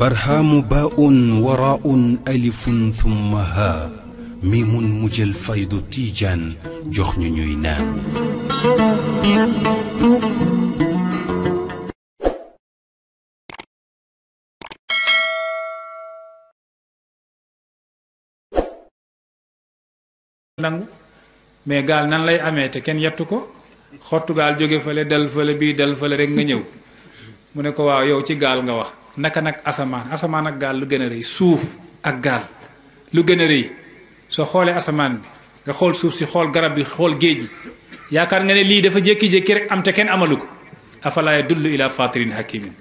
barhaamu baa'un waraa'un alifun thumma haa mi mun mujjal faydu tiijaan jox ñu ñuy naan. mais gaal nan lay amee te kenn yettu ko xottu gaal jóge fële dal fële bii dal fële rek nga ñëw mu ne ko waaw yow ci gaal nga wax. naka nag asamaan asamaan ak gaal lu gën a rëy suuf ak gaal lu gën a rëy soo xoolee asamaan bi nga xool suuf si xool garab bi xool géej gi yaakaar nga ne lii dafa jékki-jékki rek am te kenn amalu ko afala yadullu ila fatirin hakimin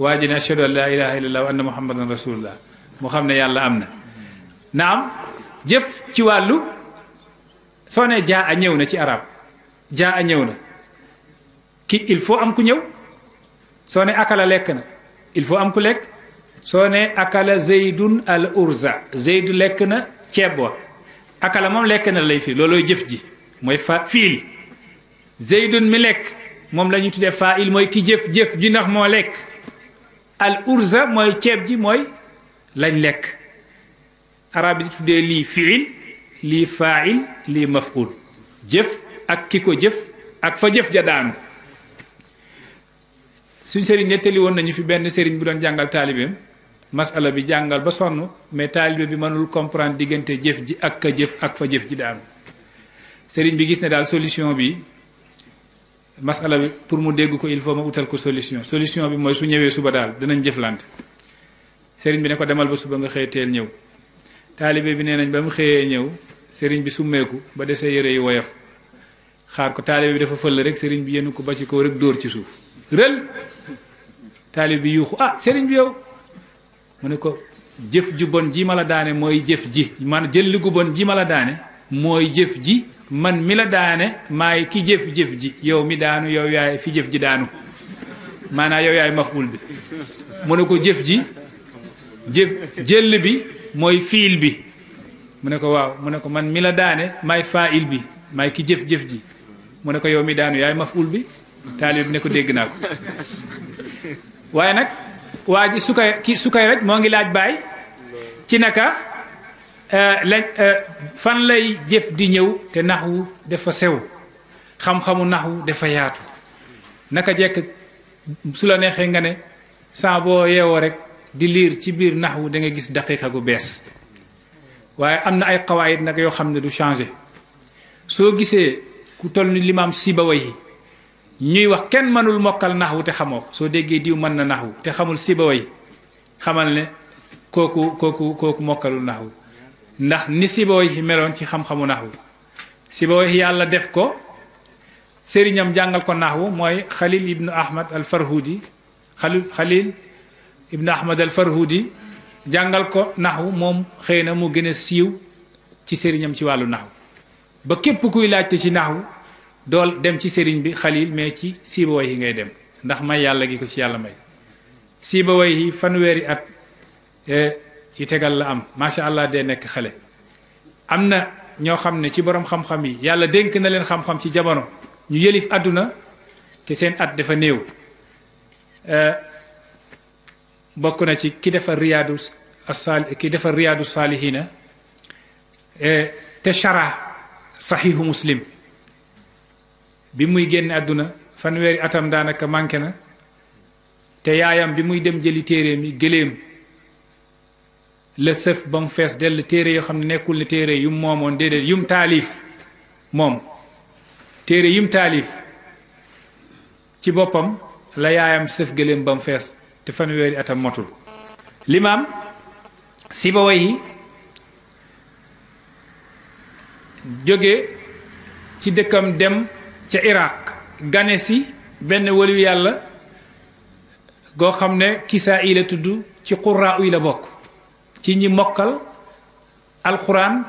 waa ji ne ashhadu an laa ilaha illallah wa anna muhammadan rasulullah mu xam ne yàlla am na naam jëf ci wàllu soo ne jaa a ñëw na ci arab jaa a ñëw na ki il faut am ku ñëw soo ne akala lekk na il faut am ku lekk soo nee akala zeydun al urza zeyd lekk na ceeb wa akala moom lekk na lay fii loolooy jëf ji mooy fa fiil zeydun mi lekk moom lañu ñu tuddee faa il mooy ki jëf jëf ji ndax moo lekk al urza mooy ceeb ji mooy lañ lekk arab yi tuddee lii fiil lii faail lii mafuul jëf ak ki ko jëf ak fa jëf ja daanu suñ sëriñ nettali woon nañu fi benn sëriñ bu doon jàngal taalibeem masala bi jàngal ba sonn mais taalibe bi mënul comprendre diggante jëf ji ak ka jëf ak fa jëf ji daanu sëriñ bi gis ne daal solution bi masala bi pour mu dégg ko il faut ma utal ko solution solution bi mooy su ñëwee suba daal danañ jëflante sëriñ bi ne ko demal ba suba nga xëy teel ñëw taalibe bi nee nañ ba mu xëyee ñëw sëriñ bi summeeku ba desee yëre yi woyof xaar ko taalibe bi dafa fël rek sëriñ bi yéen ko ba rek dóor ci suuf rël taalib bi yuuxu ah sëriñ bi yow mu ne ko jëf ju bon ji ma la daane mooy jëf ji man jël li bon ji ma daane mooy jëf ji man mi la daane maay ki jëf-jëf ji yow mi daanu yow yaay fi jëf ji daanu maanaa yow yaay maful bi mu ne ko jëf ji jëf jël bi mooy fiil bi mu ne ko waaw mu ne ko man mi la daane maay fail bi maay ki jëf-jëf ji mu ne ko yow mi daanu yaay maful bi taalib bi ne ko dégg naa ko waaye nag waa ji su sukay ki koy rek moo ngi laaj baay ci naka euh, lañ euh, fan lay jëf di ñëw te nax wu dafa sew xam-xamu wu dafa yaatu naka jekk su la neexee nga ne saa boo yeewoo rek di liir ci biir nax wu danga gis daqiiqa gu bees waaye am na ay qawaayit nag yoo xam ne du changé soo gisee ku toll ni limaam yi ñuy wax kenn manul mokkal naxwu te xamoo ko soo déggee diw mën na naxwu te xamul sibaway xamal ne kooku kooku kooku mokkalul naxwu ndax ni sibaway meloon ci xam-xamu naxwu sibaway yàlla def ko sëriñam jàngal ko naxwu mooy xalil ibnu ahmad al farhudi xalil xalil ibnu ahmad al farhudi jàngal ko naxwu moom xëy na mu gën a siiw ci sëriñam ci wàllu naxwu ba képp kuy laajte ci naxwu dool dem ci sëriñ bi xalil mais ci siiba way yi ngay dem ndax may yàlla gi ko ci yàlla may siiba way yi fanweeri at yu tegal la am macha allah dee nekk xale am na ñoo xam ne ci borom xam-xam yi yàlla dénk na leen xam-xam ci jamono ñu yëlif àdduna te seen at dafa néew bokk na ci ki defar riyaadu asal ki defar riyaadu saalihina te shara sahihu muslim bi muy génn àdduna fanweeri atam daanaka manqué na te yaayam bi muy dem jëli téere mi gëléem la sëf ba mu fees dell téere yoo xam nekkul ne téere yu mu moomoon déedéet yum taalif moom téere yum taalif ci boppam la yaayam sëf gëléem ba mu fees te fanweeri atam motul limaam Sibawayhi jóge ci dëkkam dem ca iraq ganesi benn waliyu yàlla goo xam ne kisaa yi tudd ci qurraa yi la bokk ci ñi mokkal alxuraan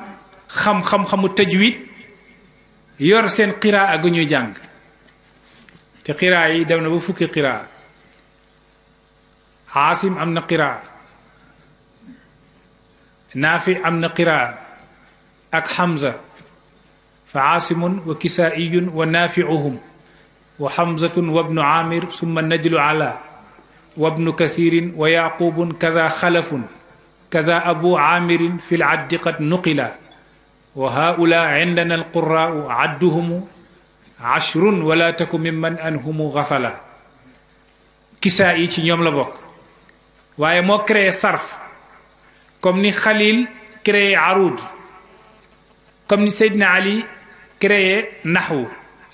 xam xam-xamu tajwid yor seen qiraa gu ñuy jàng te xiraa yi dem na ba fukki qiraa aasim am na naa fi am na qiraa ak hamza فعاصم وكسائي ونافعهم وحمزة وابن عامر ثم النجل على وابن كثير ويعقوب كذا خلف كذا أبو عامر في العد قد نقلا وهؤلاء عندنا القراء عدهم عشر ولا تكن ممن أنهم غفلا كسائي يوم ñoom la bokk waaye moo créé sarf comme ni Khalil créé arud comme ni Ali créé naxwu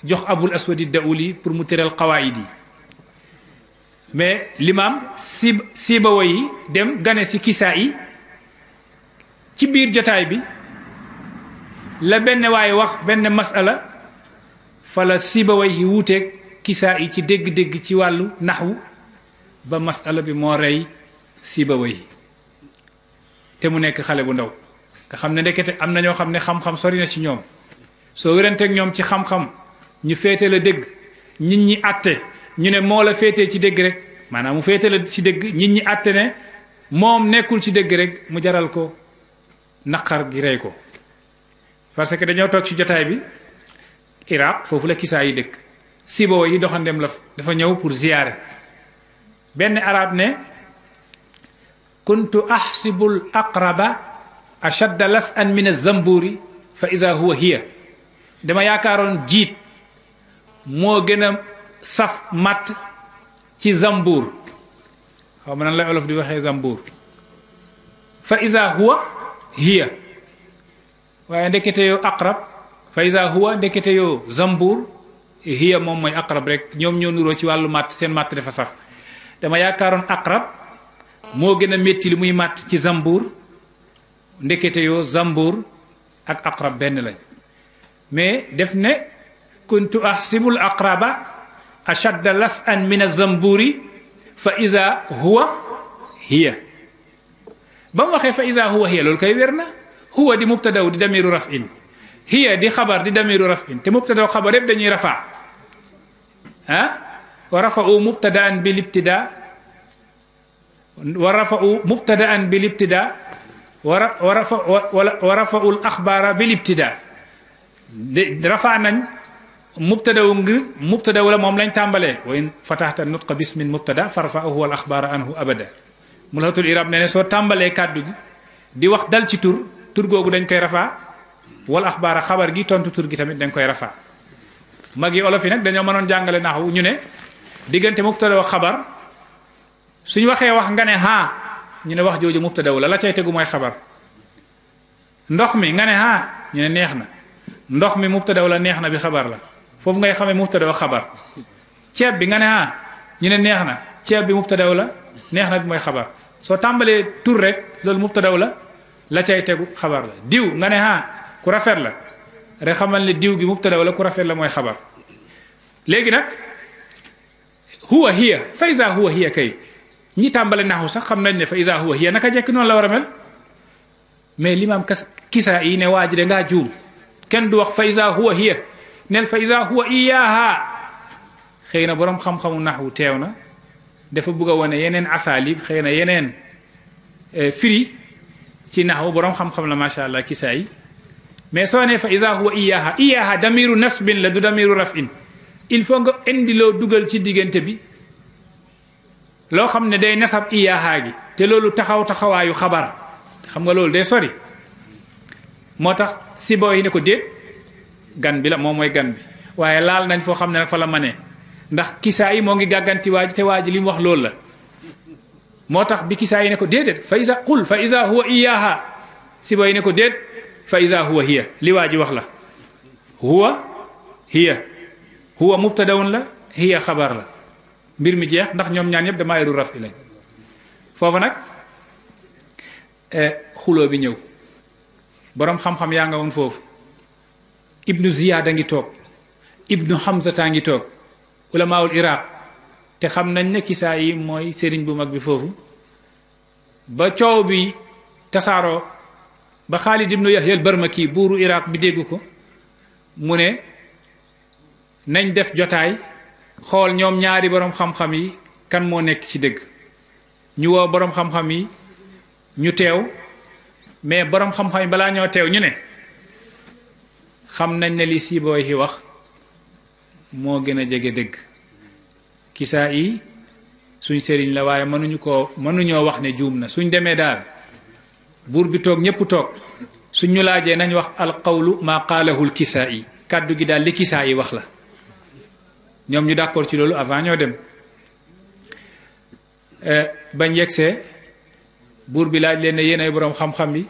jox abul aswadi dauli pour mu tëral xawaayid yi mais limaam si siibawo yi dem gane si kisaa yi ci biir jotaay bi la benn waaye wax benn masala fala siibawo yi wuuteeg kisaa yi ci dégg-dégg ci wàllu naxwu ba masala bi moo rey siibawo yi te mu nekk xale bu ndaw nga xam ne ndekete am na ñoo xam ne xam-xam sori na ci ñoom soo wéranteeg ñoom ci xam-xam ñu féete la dégg nit ñi àtte ñu ne moo la féetee ci dégg rek maanaam mu féete la ci dégg nit ñi àtte ne moom nekkul ci dégg rek mu jaral ko naqar gi rey ko parce que dañoo toog ci jotaay bi Iraq foofu la kisaa yi dëkk sibo yi doxandem la dafa ñëw pour ziyaare benn arab ne kuntu ahsibu al aqraba ashadda las an min az-zamburi fa iza huwa hiya dama yaakaaroon jiit moo gën a saf matt ci zambuur xaw ma nan lay olof di waxee zambuur fa isa huwa waaye ndekete yoo aqrab fa isa huwa ndekete yoo zambuur hiya moom mooy aqrab rek ñoom ñoo nuroo ci wàllu matt seen matt dafa saf dama yaakaaroon aqrab moo gën a métti li muy matt ci zambuur ndekete yoo zambuur ak aqrab benn lañ mais def ne kuntu ahsibu al aqraba ashadda las'an min az-zamburi fa iza huwa hiya bam waxe fa iza huwa hiya lol kay werna huwa di mubtada di damiru raf'in hiya di khabar di damiru raf'in te mubtada khabar yeb dañuy rafa ha wa rafa'u mubtada'an bil ibtida' wa ورفعوا مبتدا بالابتداء ورفعوا الأخبار بالابتداء rafa nañ mubtada wu ngir mubtada wala mom lañ tambalé wa fatahta nutqa bismin mubtada farfa'uhu wal akhbara anhu abada mulhatul irab neene tambale tambalé kaddu gi di wax dal ci tur tur gogu dañ koy rafa wal akhbara khabar gi tontu tur gi tamit dañ koy rafa magi olofi nak dañu mënon jangalé jàngale naaxu ñu ne diggante mubtada khabar suñ waxé wax nga ha ñu né wax jooju mubtada wala la cey tegu moy khabar ndox mi nga ha ñu né neexna ndox mi mubtada wala neex na bi xabar la foofu ngay xamee mubtada wa xabar ceeb bi nga ne ah ñu ne neex na ceeb bi mubtada wala neex na bi mooy xabar soo tàmbalee tur rek loolu mubtada wala la cay tegu xabar la diw nga ne ah ku rafet la rek xamal ne diw gi mubtada wala ku rafet la mooy xabar léegi nag huwa hiya fa isa huwa hiya kay ñi tàmbale naxu sax xam nañ ne fa isa huwa hiya naka jekk noonu la war a mel mais l'imam kisa yi ne waa ji de ngaa juum kenn du wax fa isa huwa hiya neel fa isa huwa iyaha xëy na boroom xam-xamu naxwu teew na dafa bëgg a wane yeneen asalib xëy na yeneen e, firi ci naxwu boroom xam-xam la macha allah kisaa yi mais soo nee fa isa huwa iyaha iyaha damiru nasbin la du damiru rafin il faut nga indiloo dugal ci diggante bi loo xam ne day nasab iyaha te loolu taxaw taxawaayu xabar xam nga loolu day sori motax sibo yi ne ko deet gan bi la mom moy gan bi waye laal nañ fo xamne nak fa la mané ndax kisa yi mo ngi gaganti waji te waji lim wax lool la motax bi kisa yi ne ko dedet fa iza qul fa iza huwa iyaha sibo yi ne ko deet fa iza huwa hiya li waji wax la huwa hiya huwa mubtadaun la hiya khabar la mbir mi jeex ndax ñom ñaan yeb dama yaru raf ilay fofu nak eh, xulo bi ñew boroom xam-xam yaa nga woon foofu ibnu ziyaada ngi toog ibnu hamzataa ngi toog ulamaawul iraq te xam nañ ne kisaa yi mooy sëriñ bu mag bi foofu ba coow bi tasaaroo ba xaalid ibnu yahyal barmaki buuru iraq bi dégg ko mu ne nañ def jotaay xool ñoom ñaari boroom xam-xam yi kan moo nekk ci dégg ñu woo boroom xam-xam yi ñu teew mais borom xam-xam yi balaa ñoo teew ñu ne xam nañ ne li siibooy yi wax moo gën a jege dëgg kisaa yi suñ sëriñ la waaye mënuñu koo mënuñoo wax ne juum na suñ demee daal buur bi toog ñépp toog suñ ñu laajee nañ wax alqawlu maa qaalahul kisaa yi kàddu gi daal li kisaa yi wax la ñoom ñu d'accord ci loolu avant ñoo dem eh, bañ yegsee bur bi laaj leen ne yéen ay borom xam-xam bi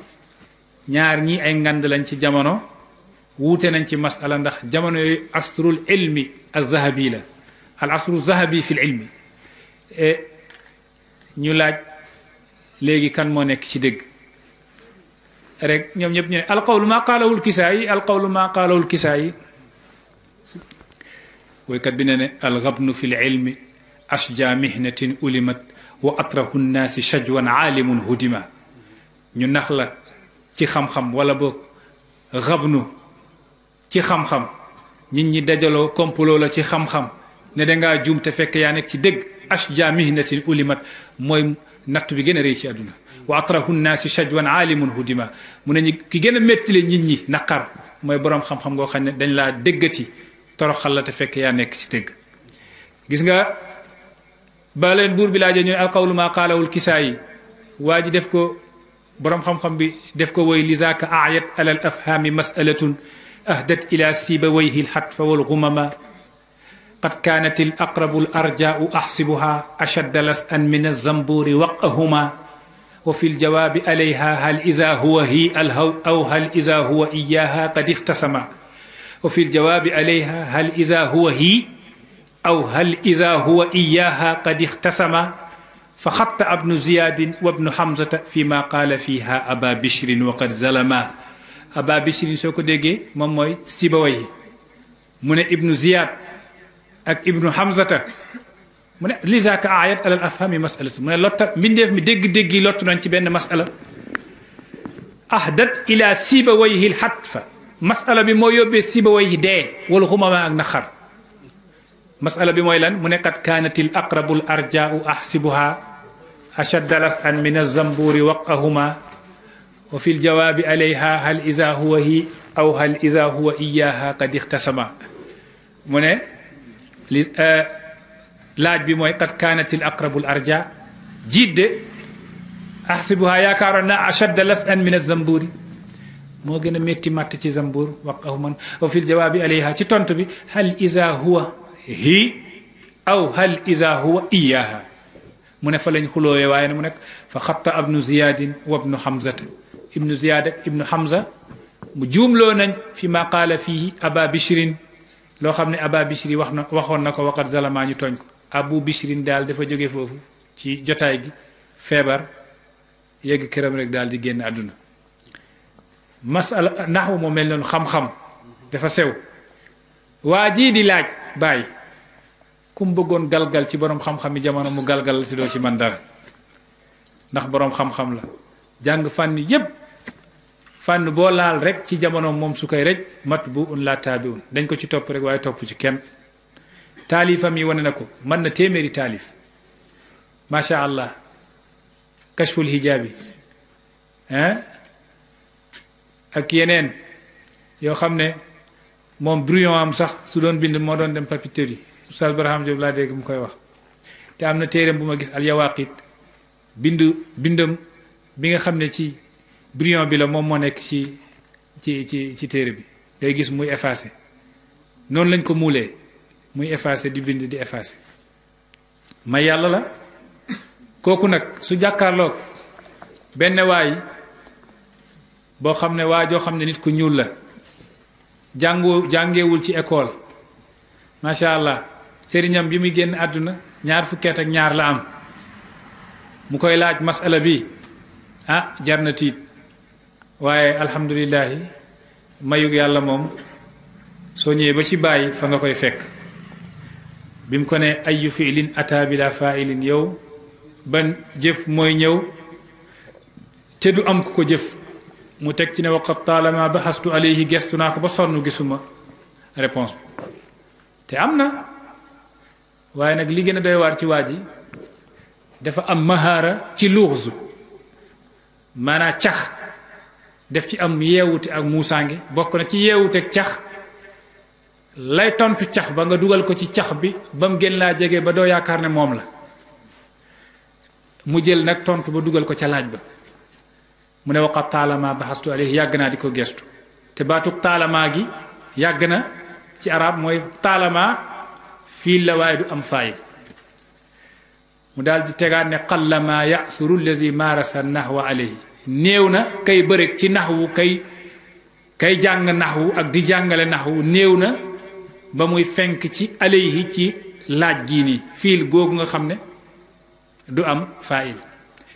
ñaar ñii ay ngand lañ ci jamono wuute nañ ci masala ndax jamono yooyu asrul ilmi alzahabi la al asru zahabi fi ilmi ñu laaj léegi kan moo nekk ci dëgg rek ñoom ñëpp ñu ne alqawlu maa qaalawul kisaayi alqawlu maa qaalawul kisaayi woykat bi ne ne alxabnu fi lilmi ashja mihnatin ulimat wa atrahu nnaasi shajwan aalimun hudima ñu nax la ci xam-xam wala boog xabnu ci xam-xam nit ñi dajaloo kompuloo la ci xam-xam ne da ngaa juum te fekk yaa nekk ci dëgg ashja mihnatin ulimat mooy natt bi gën a rëy ci àdduna wa atrahu nnaasi shajwan aalimun hudima mu ne ñi ki gën a méttile nit ñi naqar mooy borom xam-xam ngoo xam ne dañ laa déggati toroxal la te fekk yaa nekk ci dëgg gis nga ba leen buur bi laajee ñu ne alqawlu maa qaalawul kisaayi waa ji def ko borom xam-xam bi def ko woy lisaaka ayat alal afhaami masalatun ahdat ila sibawayhi lxatfa walgumama قد كانت الأقرب الأرجاء أحسبها أشد لسأا من الزنبور وقهما وفي الجواب عليها هل إذا هو هي الهو أو هل إذا هو إياها قد اختسما وفي الجواب عليها هل إذا هو هي أو هل إذا هو إياها قد اختسم فخطأ ابن زياد وابن حمزة فيما قال فيها أبا بشر وقد زلما أبا بشر سوكو ديجي مموي سيبوي من ابن زياد أك ابن حمزة من لذا كأعيات على الأفهام مسألة من لطة من ديف مدق ديج لطة نانتي بين مسألة أهدت إلى سيبويه الحتفة مسألة بمويو سيبويه دي والغمما نخر مسألة بمويلان منقد كانت الأقرب الأرجاء أحسبها أشد ان من الزنبور وقعهما وفي الجواب عليها هل إذا هو هي أو هل إذا هو إياها قد اختسما من آه، لاج بموي قد كانت الأقرب الأرجاء جد أحسبها يا كارنا أشد لسعا من الزنبور موغن ميتي ماتتي زنبور وقعهما وفي الجواب عليها تنتبي هل إذا هو hi aw hal ida huwa iyaha mu ne fa lañ xulóowe waaye ne mu nekk fa xatta abnu ziyadin wa abnu hamzata ibnu ziyad ak ibnu hamza mu juumloo nañ fi ma qaala fihi aba bishrin loo xam ne aba bishri wax na waxoon na ko waqat zalamaa ñu tooñ ko abu bishrin daal dafa jóge foofu ci jotaay gi feebar yegg këram rek daal di génn àdduna masala naxu moo mel noonu xam-xam dafa sew waa jii di laaj bàyyi ku mu bëggoon galgal ci boroom xam-xam jamono mu galgal la ci doo ci man dara ndax boroom xam-xam la jàng fànn yépp fànn boo laal rek ci jamono moom su koy rek mat bu un laa taabiun dañ ko ci topp rek waaye topp ci kenn taalifam yi wane na ko man na téeméeri taalif macha allah kashful hijaabi ak yeneen yoo xam ne moom brouillon am sax su doon bind moo doon dem papeterie yi Oustaz Barham Diop laa dégg mu koy wax te am na téereem bu ma gis al yawaqit bind bindam bi nga xam ne ci brouillon bi la moom moo nekk ci ci ci ci téere bi ngay gis muy effacé noonu lañ ko muulee muy effacé di bind di effacé ma yàlla la kooku nag su jàkkaarlook benn waay boo xam ne waa joo xam ne nit ku ñuul la jàngu jàngewul ci école macha allah sëriñam bi muy génn àdduna ñaar fukkeet ak ñaar la am mu koy laaj masala bi ah jar na tiit waaye alhamdulilahi mayug yàlla moom soo ñëwee ba ci bàyyi fa nga koy fekk bi mu ko ne ayu fiilin ata bila failin yow ba jëf mooy ñëw te du am ku ko jëf mu teg ci ne ba taalama baxastu alayhi gestu naa ko ba sonn gisuma réponse bi te am na waaye nag li gën a doy waar ci waa ji dafa am mahaara ci luuxu maanaa cax def ci am yeewute ak muusaange bokk na ci yeewuteeg cax lay tontu cax ba nga dugal ko ci cax bi ba mu gën laa jege ba doo yaakaar ne moom la mu jël nag tontu ba dugal ko ca laaj ba mu ne waqat taalama baxastu alayhi yàgg naa di ko gestu te baatug taalama gi yàgg na ci arab mooy taalama fii la waaye du am faay mu daal di tegaat ne qallama yasuru allazi maarasa nahwa alayhi néew na kay bërëg ci naxwu kay kay jàng naxwu ak di jàngale naxwu néew na ba muy fenk ci alayhi ci laaj gii nii fiil googu nga xam ne du am faayil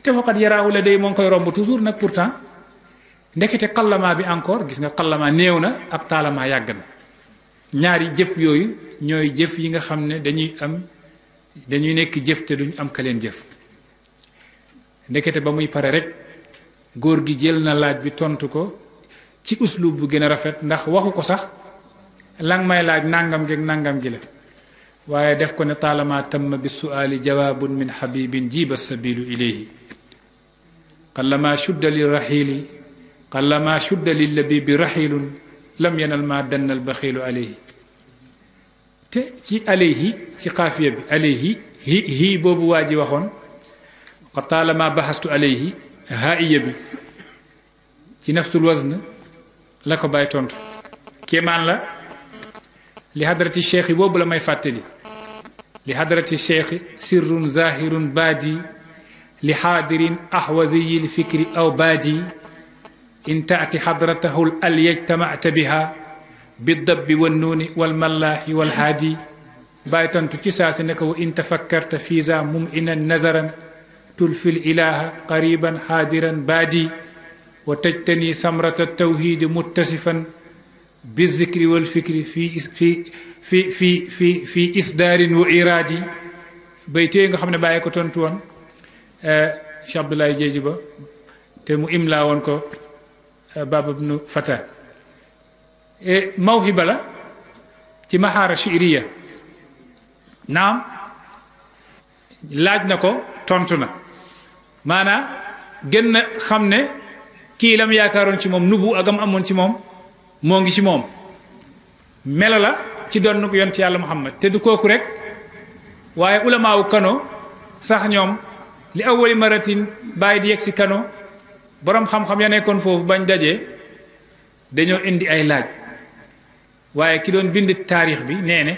te faqat yaraahu la day moo ngi koy romb toujours nag pourtant ndekete xallamaa bi encore gis nga xallamaa néew na ak taalamaa yàgg na ñaari jëf yooyu ñooy jëf yi nga xam ne dañuy am dañuy nekk jëf te duñ am ka leen jëf ndekete ba muy pare rek góor gi jël na laaj bi tontu ko ci uslub bu gën a rafet ndax waxu ko sax lang may laaj nangam gi nangam gi la waaye def ko ne taalamaa tamma bi suaali jawaabun min habibin jiba sabilu ilayhi قال لما شد للرحيل قال لما شد للبيب رحيل لم ينل ما دن البخيل عليه تي عليه تي قافية عليه هي هي بوب واجي وخون وطالما بحثت عليه هائي بي تي نفس الوزن لك بايتون كيمان لا لحضرة الشيخ بوب لما يفاتلي لحضرة الشيخ سر زاهر بادي لحاضر أحوذي الفكر أو بادي إن تأتي حضرته الألي اجتمعت بها بالضب والنون والملاح والهادي بايتا تتساس إنك وإن تفكرت في ذا ممئنا نذرا تلفي الإله قريبا حاضرا بادي وتجتني ثمرة التوحيد متسفا بالذكر والفكر في في في في في, في إصدار وإيراد بيتين nga xamne baye Eh, Cheikh Abdoulaye Jéeji ba te mu imlaa woon ko eh, Baba ibnu Fata e, mawhiba la ci maxaara shiiriya naam laaj na ko tontu na maanaa gën na xam ne kii lam yaakaaroon ci moom nubu agam amoon ci moom moo ngi ci moom melo la ci doon nu ko ci yàlla muhammad te du kooku rek waaye ulamaawu kano sax ñoom li awwali maratin bàyyi di yegg si kano boroom xam-xam ya nekkoon foofu bañ dajee dañoo indi ay laaj waaye ki doon bind taarix bi nee ne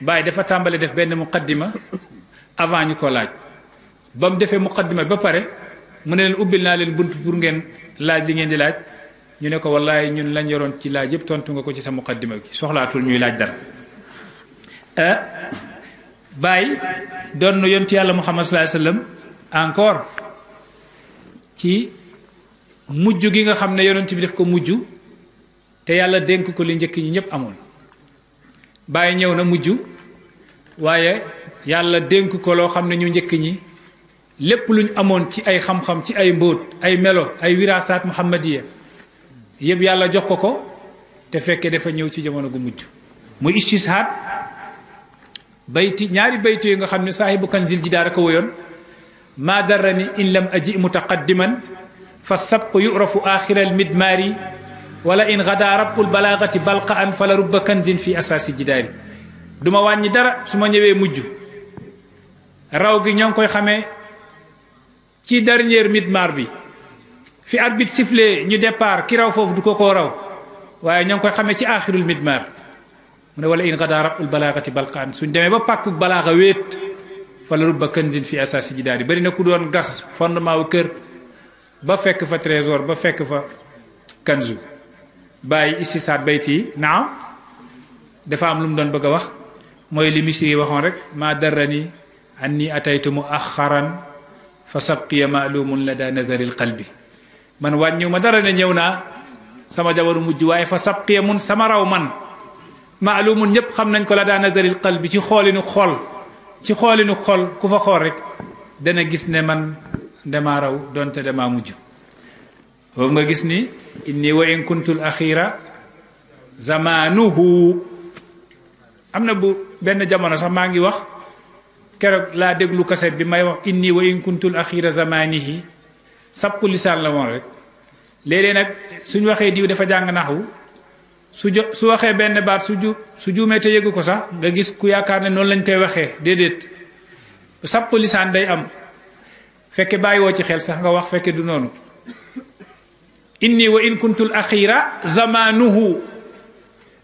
bàyyi dafa tàmbali def benn muqaddima avant ñu ko laaj ba mu defee muqaddima ba pare mu ne leen ubbil naa leen bunt pour ngeen laaj li ngeen di laaj ñu ne ko wallaay ñun lañ yoroon ci laaj yëpp tontu nga ko ci sa muqaddima bi soxlaatul ñuy laaj dara eh, bàyyi doon na yàlla muhammad sallallahu alayhi wasallam encore ci mujj gi nga xam ne yonent bi def ko mujj te yàlla dénk ko li njëkk ñi ñëpp amoon bàyyi ñëw na mujj waaye yàlla dénk ko loo xam ne ñu njëkk ñi lépp luñ amoon ci ay xam-xam ci ay mbóot ay melo ay wiraasaat muhammadiya yëpp yàlla jox ko ko te fekkee dafa ñëw ci jamono gu mujj muy istishaad bayti ñaari baytu yi nga xam ne saahibu kanzil ji daara ko woyoon ما درني إن لم أجيء متقدما فالسبق يعرف آخر المدمار إن غدا رب البلاغة بلقاء فلرب كنز في أساس جداري دوما واني دار سوما نيوي مجو راوغي نيون كوي خامي تي دارنيير ميدمار بي في اربيت سيفلي ني ديبار كي راو فوف دوكو كو راو واي نيون كوي خامي تي اخر الميدمار من ولا ان غدا رب البلاغه بلقان سون ديمي با باكو بلاغه ويت fala rubba kanzin fi asaasi jidaari bari na ku doon gas fondement wu kër ba fekk fa trésor ba fekk fa kanzu bàyyi istisaat bayt yi naam dafa am lu mu doon bëgg a wax mooy li misri yi rek maa darrani anni ataytu mu fa sabqiya maalumun lada nazaril qalbi man wàññiw ma dara ne sama jabaru mujj waaye fa sabqiya mun sama raw man maalumun ñëpp xam nañ ko la daa nazaril ci xoolinu xool ci xoolinu xol ku fa xool rek dana gis ne man dama raw donte dama mujj foofu nga gis ni inni wa in kuntul axira zamaanuhu am na bu benn jamono sax maa ngi wax keroog laa déglu kaset bi may wax inni wa in kuntul axira zamaanihi sappu lisaan la woon rek léegi nag suñ waxee diw dafa jàng naxwu su jo waxee benn baat su ju su juumee te yëgu ko sax nga gis ku yaakaar ne noonu lañ koy waxee déedéet sàpp lisaan day am fekke bàyyiwoo ci xel sax nga wax fekke du noonu inni wa in kuntul axira zamanuhu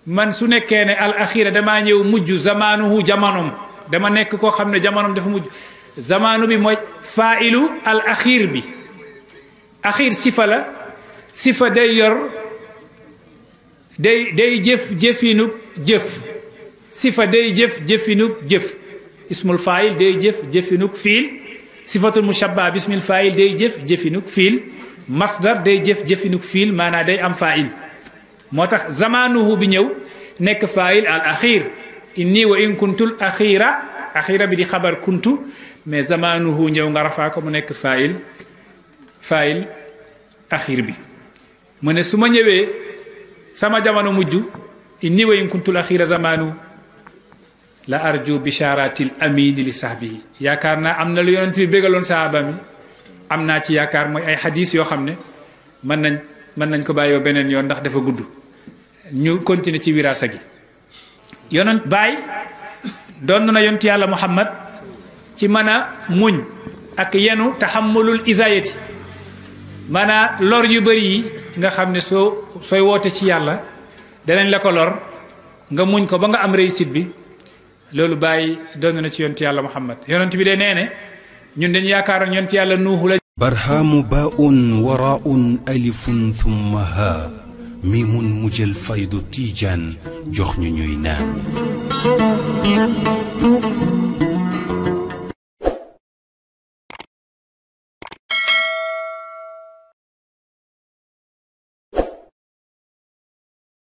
man su nekkee ne al axira damaa ñëw mujj zamanuhu jamanum dama nekk koo xam ne jamonom dafa mujj zamanu bi mooy failu al axir bi axir sifa la sifa day yor day day jëf jëfinu jëf sifa day jëf jëfinu jëf ismul fa'il day jëf jëfinu fil sifatul mushabba bismil fa'il day jëf jëfinu fil masdar day jëf jëfinu fil mana day am fa'il motax zamanuhu bi ñëw nek fa'il al akhir inni wa in kuntul akhira akhira bi khabar kuntu mais zamanuhu ñëw nga rafa ko mu nek fa'il fa'il akhir bi mu suma ñewé sama jamono mujju inni wa in kuntul akhira zamanu la arju bisharatil amin li sahbihi yakarna amna lu yonent bi begalon sahabami amna ci yakar moy ay hadith yo xamne man nañ man nañ ko bayyo benen yon ndax dafa gudd ñu continue ci wirasa gi yonent bay don na yonent yàlla muhammad ci mana muñ ak yenu tahammulul izayati maanaam lor yu bëri yi nga xam ne soo sooy wootee ci yàlla danañ la ko lor nga muñ ko ba nga am réussite bi loolu bàyyi doon na ci yonent yàlla Muhammad yonent bi de nee ne ñun dañu yaakaaroon yonent yàlla nuuhu la. barhaamu baa'un waraa'un alifun thumma haa miimun mujjal faydu tiijaan jox ñu ñuy naan.